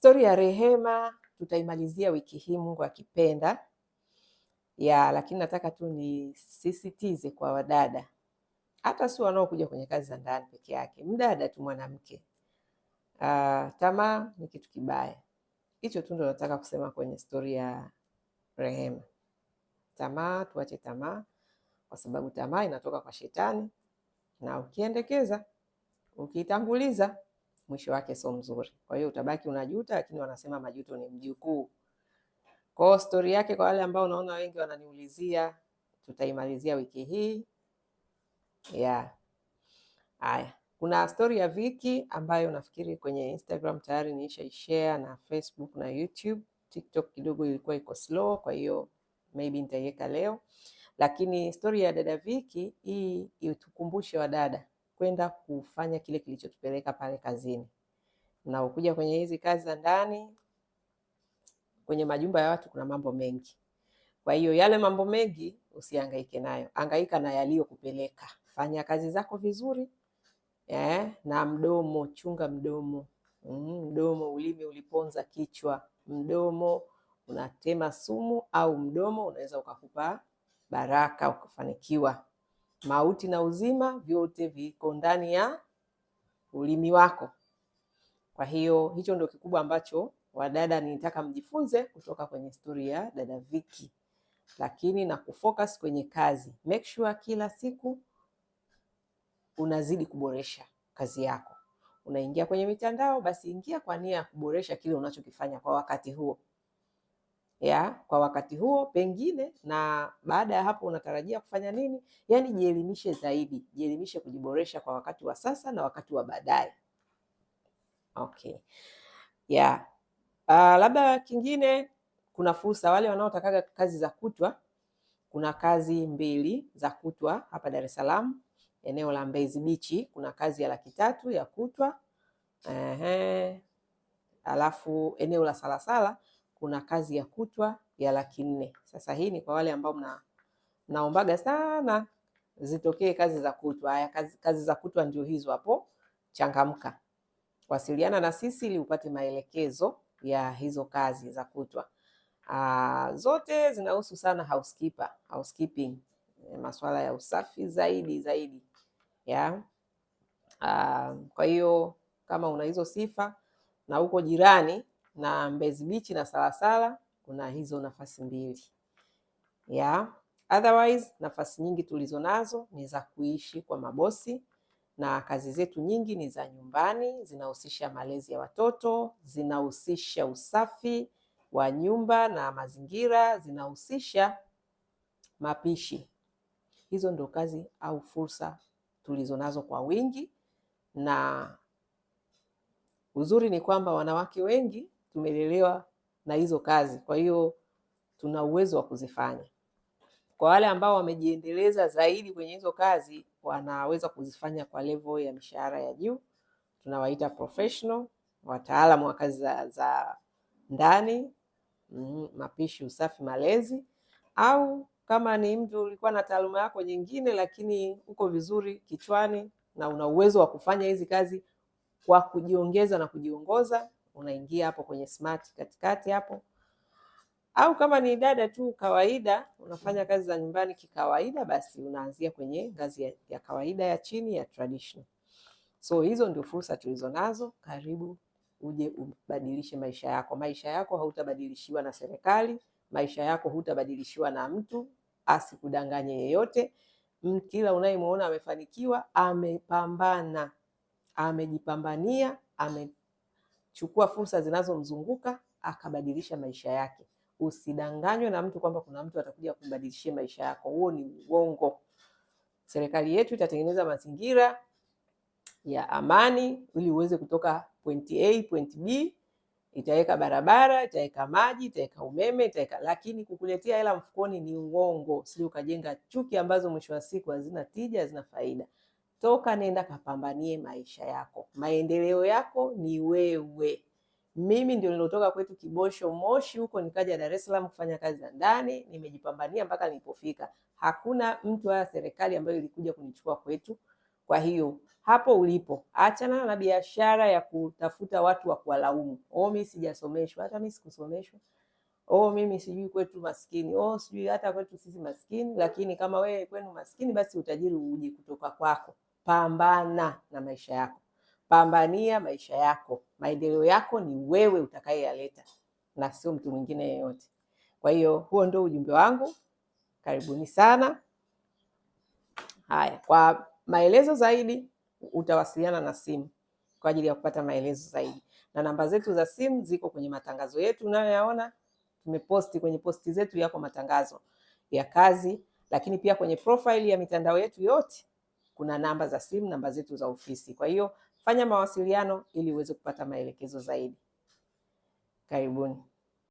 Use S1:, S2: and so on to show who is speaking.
S1: Stori ya Rehema tutaimalizia wiki hii Mungu akipenda ya, lakini nataka tu nisisitize kwa wadada, hata si wanaokuja kwenye kazi za ndani peke yake, mdada tu mwanamke, uh, tamaa ni kitu kibaya. Hicho tu ndo nataka kusema kwenye stori ya Rehema. Tamaa, tuache tamaa, kwa sababu tamaa inatoka kwa Shetani, na ukiendekeza, ukiitanguliza mwisho wake sio mzuri. Kwa hiyo utabaki unajuta, lakini wanasema majuto ni mjukuu. Kwa hiyo stori yake, kwa wale ambao unaona wengi wananiulizia, tutaimalizia wiki hii yeah. Haya, kuna stori ya Viki ambayo nafikiri kwenye Instagram tayari nishaishare na Facebook na YouTube. TikTok kidogo ilikuwa iko slow, kwa hiyo maybe nitaiweka leo, lakini stori ya dada Viki hii itukumbushe wadada kwenda kufanya kile kilichotupeleka pale kazini. Unaokuja kwenye hizi kazi za ndani, kwenye majumba ya watu kuna mambo mengi. Kwa hiyo yale mambo mengi usihangaike nayo, angaika na yaliyokupeleka. Fanya kazi zako vizuri eh, na mdomo, chunga mdomo mm, mdomo, ulimi uliponza kichwa, mdomo unatema sumu au mdomo unaweza ukakupa baraka ukafanikiwa mauti na uzima vyote viko ndani ya ulimi wako. Kwa hiyo hicho ndio kikubwa ambacho wadada nitaka mjifunze kutoka kwenye stori ya dada Viki, lakini na kufocus kwenye kazi. Make sure kila siku unazidi kuboresha kazi yako. Unaingia kwenye mitandao, basi ingia kwa nia ya kuboresha kile unachokifanya kwa wakati huo ya kwa wakati huo pengine, na baada ya hapo unatarajia kufanya nini? Yaani jielimishe zaidi, jielimishe kujiboresha kwa wakati wa sasa na wakati wa baadaye. Okay, yeah. Uh, labda kingine, kuna fursa wale wanaotakaga kazi za kutwa, kuna kazi mbili za kutwa hapa Dar es Salaam eneo la Mbezi Beach, kuna kazi ya laki tatu ya kutwa. Ehe. Alafu eneo la Salasala kuna kazi ya kutwa ya laki nne. Sasa hii ni kwa wale ambao mna naombaga sana zitokee kazi za kutwa. Haya, kazi, kazi za kutwa ndio hizo hapo. Changamka, wasiliana na sisi ili upate maelekezo ya hizo kazi za kutwa. Aa, ah, zote zinahusu sana housekeeper, housekeeping, eh, masuala ya usafi zaidi zaidi ya yeah. Kwa hiyo kama una hizo sifa na uko jirani na Mbezi Beach na Salasala kuna hizo nafasi mbili yeah. Otherwise, nafasi nyingi tulizo nazo ni za kuishi kwa mabosi na kazi zetu nyingi ni za nyumbani, zinahusisha malezi ya watoto, zinahusisha usafi wa nyumba na mazingira, zinahusisha mapishi. Hizo ndio kazi au fursa tulizo nazo kwa wingi, na uzuri ni kwamba wanawake wengi tumelelewa na hizo kazi, kwa hiyo tuna uwezo wa kuzifanya. Kwa wale ambao wamejiendeleza zaidi kwenye hizo kazi, wanaweza kuzifanya kwa level ya mishahara ya juu, tunawaita professional, wataalamu wa kazi za, za ndani mm, mapishi, usafi, malezi au kama ni mtu ulikuwa na taaluma yako nyingine, lakini uko vizuri kichwani na una uwezo wa kufanya hizi kazi kwa kujiongeza na kujiongoza, unaingia hapo kwenye smart katikati hapo, au kama ni dada tu kawaida unafanya kazi za nyumbani kikawaida, basi unaanzia kwenye ngazi ya, ya kawaida ya chini ya traditional. So hizo ndio fursa tulizo nazo. Karibu uje ubadilishe maisha yako. Maisha yako hautabadilishiwa na serikali, maisha yako hutabadilishiwa na mtu, asikudanganye yeyote. Kila unayemwona amefanikiwa, amepambana, amejipambania, ame chukua fursa zinazomzunguka akabadilisha maisha yake. Usidanganywe na mtu kwamba kuna mtu atakuja kumbadilishia maisha yako, huo ni uongo. Serikali yetu itatengeneza mazingira ya amani ili uweze kutoka point A point B. Itaweka barabara, itaweka maji, itaweka umeme, itaweka lakini kukuletea hela mfukoni ni uongo, sio ukajenga chuki ambazo mwisho wa siku hazina tija, hazina faida toka, nenda kapambanie maisha yako. Maendeleo yako ni wewe. Mimi ndio nilotoka kwetu Kibosho Moshi huko nikaja Dar es Salaam kufanya kazi za ndani, nimejipambania mpaka nilipofika. Hakuna mtu wa serikali ambayo ilikuja kunichukua kwetu. Kwa hiyo hapo ulipo, achana na biashara ya kutafuta watu wa kuwalaumu, oh, mimi sijasomeshwa, hata mimi sikusomeshwa, oh, mimi sijui kwetu maskini, oh, sijui hata kwetu sisi maskini. Lakini kama wewe kwenu maskini, basi utajiri uje kutoka kwako pambana na maisha yako, pambania maisha yako. Maendeleo yako ni wewe utakayeyaleta na sio mtu mwingine yeyote. Kwa hiyo huo ndio ujumbe wangu, karibuni sana. Haya, kwa maelezo zaidi utawasiliana na simu kwa ajili ya kupata maelezo zaidi, na namba zetu za simu ziko kwenye matangazo yetu unayoyaona. Tumeposti kwenye posti zetu, yako matangazo ya kazi, lakini pia kwenye profile ya mitandao yetu yote kuna namba za simu, namba zetu za ofisi. Kwa hiyo fanya mawasiliano ili uweze kupata maelekezo zaidi. Karibuni.